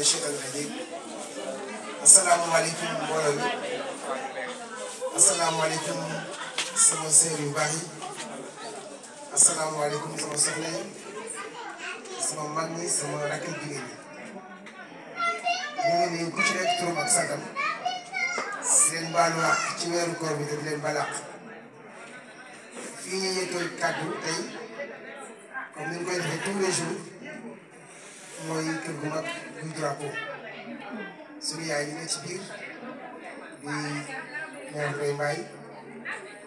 mina shaytaan rajiim asalaamaaleykum mbooloo mi asalaamaaleykum sama sœur yu baax yi asalaamaaleykum sama soxna yi sama mag ñi sama rakk yi jigéen ñi ñu nii ku ci nekk turam ak santam di ci weeru koor bi di leen baal àq fii ñu tey comme ni koy defee tous les jours. mooy kër gu mag buy drapeau suñu yaay ci biir di ñaan koy bàyyi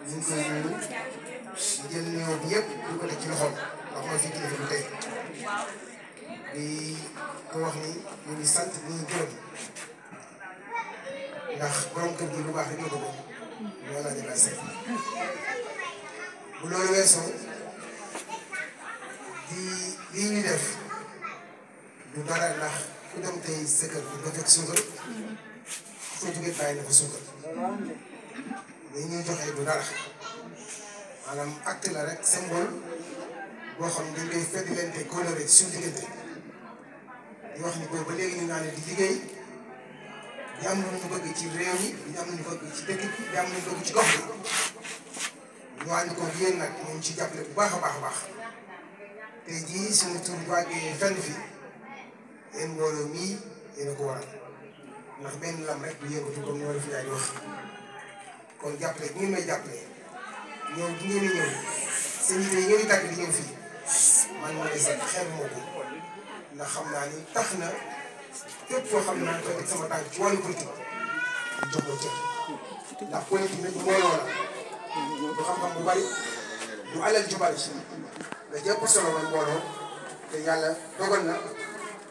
ñu ngi koy nuyu di jël nuyoo bi yëpp di ko teg ci loxoom ndax fi kilifa di sant ñu ngi gërëm ndax borom kër gi bu baax rek la ko bokk loolu laa jëlaat seen bu loolu di def. lu dara ndax ku dem tey sa kër ba fekk suukar soo jógee bàyyi na fa suukar li ñuy joxe du dara maanaam acte la rek symbole boo xam dañ koy fëttalante coloré suñu diggante di wax ni boobu ba léegi am lu ñu bëgg ci réew mi di am lu ñu bëgg ci dëkk bi ci gox bu baax a baax a baax tey jii suñu fii. yéen mbooloo mii yéen a waral ndax benn lam rek ma la fi yaay wax bu ngeen bu ngeen di ñëw seen yite yi ngeen di tàgg ma lay seet xam naa ni tax na képp koo xam ne maa ngi koy sama tànk ci wàllu politique jox ko cër ndax politique nag mbooloo xam-xam bu bari du alal ju bari da jëpp solo mooy mbooloo te yàlla dogal na.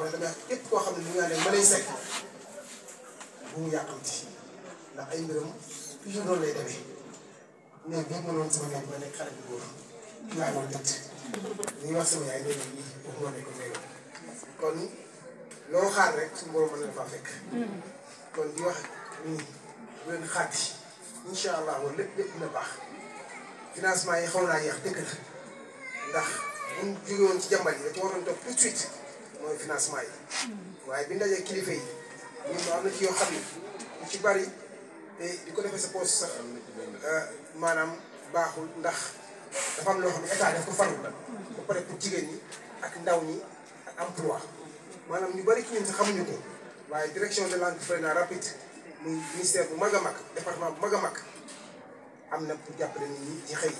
wala damay képp koo xam ne mu ngi ànd ak ma lay sekk bu mu yàqamti ndax ay mbiram toujours noonu lay wax nii foofu moo nekk léegi kon loo xaar rek suñu borom mën na faa fekk kon di wax nii bu leen xaati incha allah wala lépp lépp dina baax yi xaw naa yéex dëgg la ndax buñ jógee ci jàmbal yi dafa waroon topp tout de suite mooy financement yi waaye bi ndaje kilifa yi ñun am na ci yoo xam ne lu ci bari di ko defee sa poos sax euh, maanaam baaxul ndax dafa am loo xam ne état daf ko pare pour jigéen ñi ak ndaw ñi ak emploi maanaam ñu bari ci ñun sax xamuñu ko waaye direction de l'entreprenariat rapide muy ministère bu mag a mag département bu mag a mag am na pour jàppale nit ñi ci xëy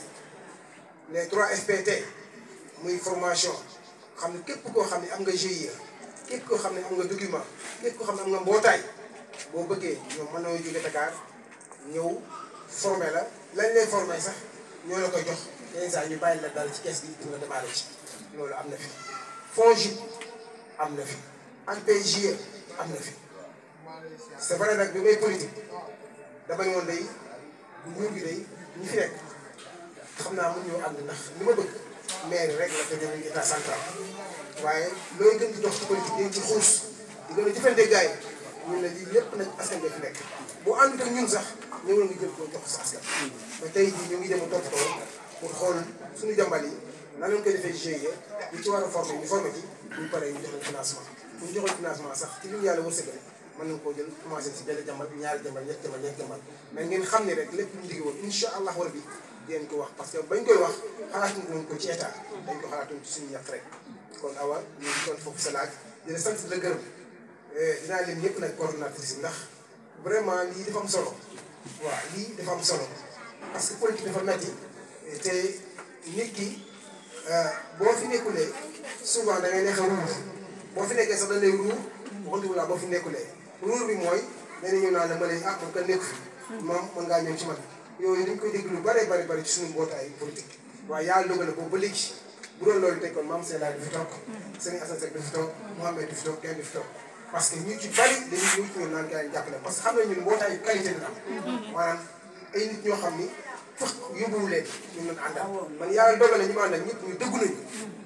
les 3 FPT muy formation xam ne képp koo xam ne am nga GIE képp koo xam ne am nga document képp koo xam ne am nga mbootaay boo bëggee ñoom mën nañoo jóge Dakar ñëw formé la lañ lay formé sax ñoo la ko jox yenn saa ñu bàyyi la dal ci kees gi pour nga démarré ci loolu am na fi FONGIP am na fi ANPEJ am na fi c'est vrai nag bi may politique dama ñëwoon day nguur gi day ñi fi nekk xam naa mun ñoo ànd ndax li ma bëgg maire rek la te ñoom état central waaye looy gën di dox ci politique dañ ci xuus di gën a jëfandikoo gars yi ñun la lii lépp nag askan bi fi nekk boo ànd ak ñun sax ñëw na nga jël ko jox sa askan. ba tey jii ñu ngi dem topp ko pour xool suñu jàmbal yi nan lañ koy defee GIE ñu ci war a former ñu former ci ñu paree ñu joxe financement bu ñu joxee financement sax ci li ñu yàlla wërsëgal mën nañu koo jël commencé ci benn jàmbal ñaari jàmbal ñetti jàmbal ñetti jàmbal mais ngeen xam ne rek lépp ñu liggéey woon incha allah war bi di leen ko wax parce que bañ koy wax xalaatuñu ko ci état dañ ko xalaatuñu ci suñu yàq rek kon awa ñu ngi doon foofu sa laaj eh, ñëpp nag coordonnatrice ndax vraiment lii dafa am solo waaw lii dafa am solo parce que politique dafa metti eh, te nit ki eh, boo fi nekkulee souvent da ngay neex a ruur boo fi nekkee sax dañ lay ruur nekkulee ruur bi mooy nee naa la ma ne ah man ka nekku fi hmm. maam mën ngaa ñëw ci man yooyu dañ koy dégg lu bare bare bare ci suñu mbootaayu politique waaye yàlla dogal na boobu ba léegi bu doon loolu tey kon maam Seydina du fi toog Serigne Assane Seck du fi toog Mouhamed du fi toog kenn du fi toog parce que ñu ci bari dañuy ñëw ci ñun naan gars yi jàppale parce que xam nañ ñun mbootaayu qualité dina am maanaam ay nit ñoo xam ni fëx yóbbuwu leen ñu mën àndal man yàlla dogal na ñu ma àndal ñëpp ñu dëggu nañu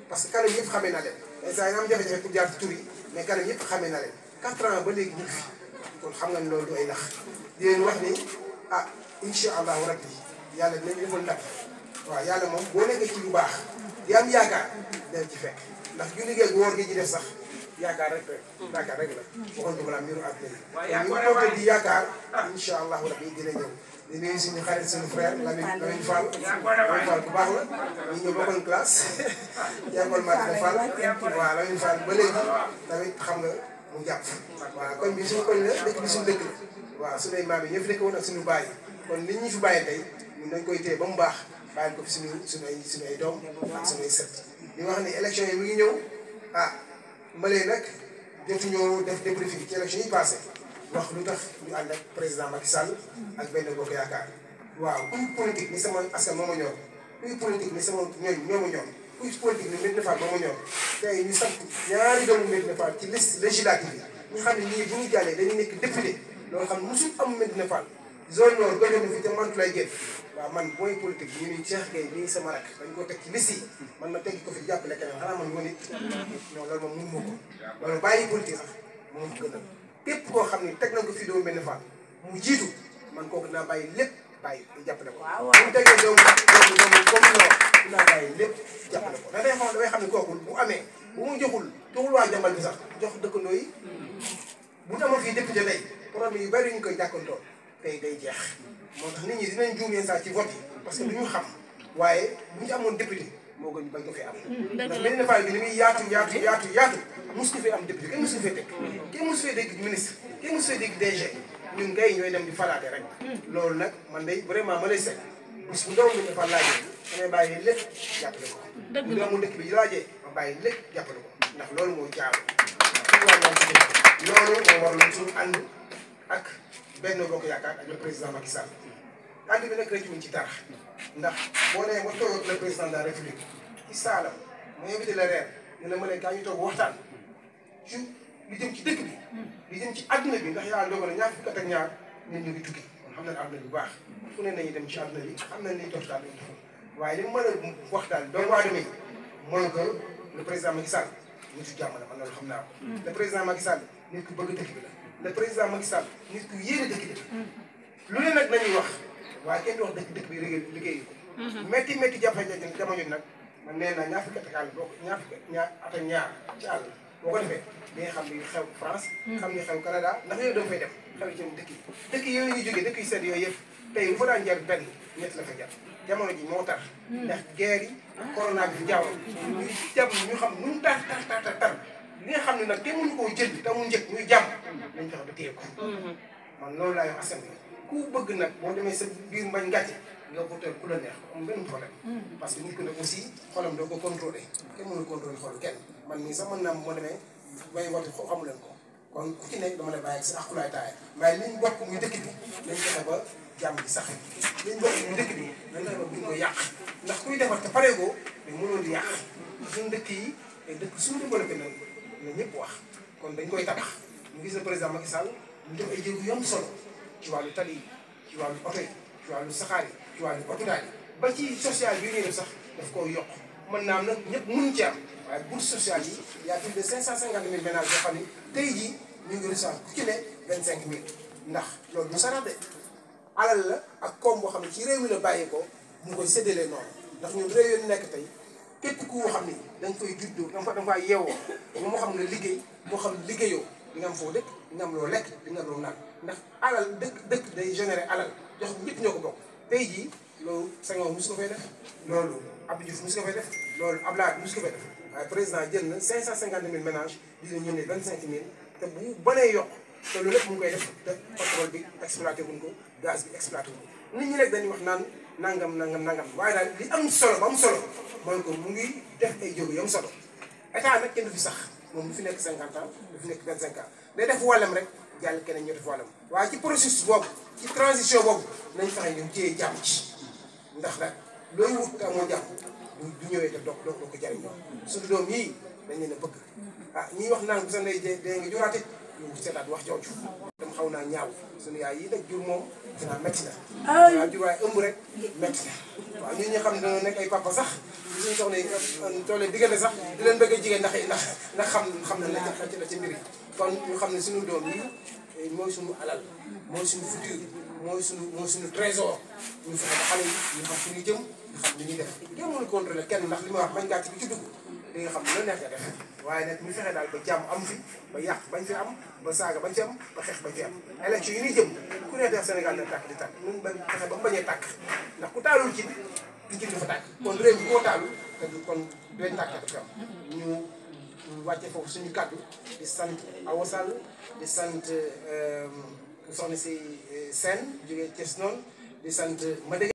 parce que kanam yëpp xamee na leen instant yi am jafe-jafe pour jaar ci tur yi mais kanam yëpp xamee na leen quatre ans ba léegi ñu ngi fi kon xam nga loolu du ay nax di leen wax ni ah incha allahu rabbi yàlla dinañ defal yàlla moom boo nekkee ci lu baax di am yaakaar dinañ ci fekk ndax julli geeg woor gi ci def sax yaakaar rek la yaakaar rek la waxoon dugg naa mbiru àdduna bi ñu toog di yaakaar incha allahu rabbi dina ñëw. di nuyu bu baax la ñu ñëw bokkoon classe jàppal Matia Fall waaw Lamine Fall ba léegi tamit xam nga mu jàpp. waaw kon bi suñu koñ la dëkk suñu dëkk la waaw suñu maam yi ñëpp nekk woon ak suñu baay yi kon li ñu fi bàyyi tey ñun dañ koy téye ba mu baax bàyyi ko fi suñu suñu ay suñu ay doom ak suñu ay wax ni élection yi mi ngi ñëw ah mbalee nag jotuñoo def débriefing ci élection yi passé wax lu tax ñu ànd ak président Macky Sall ak benn bokk yaakaar waaw kuy politique ni sama askan moo ma ñor kuy politique ni sama ñooñ ñoo ma ñor kuy politique ni Medina Fall moo ma ñor tey ñu sant ñaari doomu Medina ci liste législative yi ñu xam ne ñii bu mu jàllee dañu nekk député loolu xam ne mosul am Medina Fall zone Nioro doxalu fi te mant lay jël waaw man mooy politique ñu ni Cheikh Gueye nii sama rak dañ ko teg ci liste yi man ma teggi ko fi jàppale keneen xanaa man woon it non loolu moom mënu ma ko loolu bàyyi politique sax moom gënal képp koo xam ne teg nañ ko fi doomu benn faat mu jiitu man kooku dinaa bàyyi lépp bàyyi jàppale ko bu tegee doomu doomu doomu comme Nioro dinaa bàyyi lépp jàppale ko da day xam damay xam ne kooku bu amee bu mu joxul joxul waa jambal bi sax jox dëkkandoo yi bu amoon fii député lay problème yu bari ñu koy jàkkantoo tey day jeex moo tax nit ñi dinañ juum yenn saa ci vote parce que lu ñu xam waaye mu ñu amoon député moo gën bañ ko fi am ndax benn faay bi li fi am député kenn mosu fee dégg kenn mosu fee dégg ministre kenn mosu fee dégg DG ñun di falaate rek loolu nag man day vraiment ma lay seet bis bu ndaw mi dafa laajee damay bàyyi lépp jàppale ko bu doomu dëkk bi laajee ma bàyyi lépp jàppale ko ndax loolu moo jaar loolu moo waraloon suñu ànd ak Benno Bokk Yaakaar ak le président Macky Sall ànd bi nag ci dara ndax boo nee ba toog ak le président de la république ci saalam mu invité la reer ne la ma ne kaa ñu toog waxtaan ci li jëm ci dëkk bi li jëm ci àdduna bi ndax yàlla dogal na ñaar fukk ak ñaar ñun ñu ngi tukki kon xam nañ àdduna bu baax fu ne nañu dem ci àdduna bi am na liy dox daal lañ dox waaye li mu mën a wax daal mooy que le président Macky Sall nitu jàmm la man loolu xam naa ko mm. le président Macky Sall nit ku bëgg dëkk bi la le président Macky Sall nit ku yéene dëkk bi lu ne nag nañuy wax waaye kenn du wax dëkk dëkk bi liggéey ko métti mhm. métti jafe-jafe jamono nag man nee naa ñaar fukki at ak àll boo ñaar fukki ñaar at àll boo ko defee di nga xam ni xew France mhm. xam ni xew Canada ndax yooyu dama fay dem xew yi ci dëkk yi yooyu ñu jógee dëkk yu sedd yooyu yëpp tey bu fa jamono ji moo tar mhm. ndax guerre yi corona bi jaww ñu jàpp ñu xam nu mu tar tar tar tar li nga xam ne nag kenn mënu koo jënd te mu njëkk muy jàmm mm-hmm. nañ fexe ba téye ko mm-hmm. man loolu laa yor askan bi ku bëgg nag boo demee sa biir mbañ nga votel mm-hmm. parce que nit ku ne aussi xolam doo ko contrôlé kenn mënu contrôlé xol kenn man moo demee may woote xo xamu leen ko kon ku ci nekk dama lay bàyyi ak sa akulaay taay waaye liñ bokk muy dëkk bi nañ fexe ba jàmm bi sax liñ bokk muy dëkk bi nañ fexe ba ko yàq ndax kuy defar te pareegoo mais mënoo di yàq suñu dëkk yi dëkk suñu développé na ñëpp wax kon dañ koy tabax ñu gis ne président Macky Sall ñu def ay jéego yu am solo ci wàllu tali yi ci wàllu oto yi ci wàllu saxaar yi ci wàllu hôpital yi ba ci social yu ñuy sax daf koo yokk mën naa am nag ñëpp mënuñ ci am waaye bourse sociale yi y a plus de cinq cent cinquante mille ménages yoo xam ne tey jii ñu ngi recevoir ku ci ne vingt cinq mille ndax loolu mu sara de alal la ak koom boo xam ne ci réew mi la bàyyeekoo mu koy séddalee noonu ndax ñun réew yi nekk tey képp ku xam ni dañ koy fay juddoo da nga fa da nga faa yeewoo moo xam ne liggéey moo xam liggéeyoo di nga am foo dëkk di nga am loo lekk di nga am loo naan ndax alal dëkk dëkk day généré alal jox ñëpp ñoo ko bokk tey jii loolu Senghor mos ko fay def loolu Abdou Diouf mos ko fay def loolu Abdoulaye mos ko fay def waaye président jël na 550000 ménages dina ñëw ne 25000 te bu banee yokk te loolu lépp mu ngi koy def te pétrole bi exploité wuñ ko gaz bi exploité wuñ ko. nit ñi rek dañuy wax naan nangam nangam nangam waaye daal li am solo ba mu solo mooy ko mu ngi def ay jóg yu solo état nag kenn du sax moom du fi nekk cinquante ans du fi nekk vingt cinq ans rek jàll keneen ñu def wàllam waaye ci processus boobu ci transition boobu nañ fexe ñu téye jàmm ci ndax nag looy wut ka moo jàmm du ñëwee def doog doog ko jariñoo suñu doom yii dañ leen na bëgg ah ñuy wax naan bu sa ndey dee nga juraate ñu seetaat wax jooju dem xaw naa ñaaw suñu yaay yi nag jur moom dinaa métti na. waaw jubluwaay ëmb rek métti na waaw ñun ñi xam ne dañoo nekk ay papa sax suñu soxna yi toolee diggante sax di leen bëgg a jigéen ndax ndax ndax xam xam na la ci la ci mbir yi kon ñu xam ne suñu doom yi eh, mooy suñu alal mooy suñu futur mooy suñu mooy suñu trésor ñu fexe ñu jëm ñu xam li ñuy def kenn mënu contrôler kenn ndax li ma wax bañ gàcc bi ci dugg li nga xam ne loolu neex nga def waaye nag ñu fexe daal ba jàmm am fi ba yàq bañ fi am ba saaga ba fi am ba xeex bañ fi am élection yi ñuy jëm ku nekk def Sénégal na tàkk di tàkk ñun ba fexe ba mu bañee tàkk ndax ku taalul ci du ci dafa tàkk kon réew bi koo taalul te du kon benn tàkk dafa am ñu wàcce foofu suñu kàddu di sant Awa Sall di sant euh, soxna si euh, Sène jógee Thiès noonu di sant Madé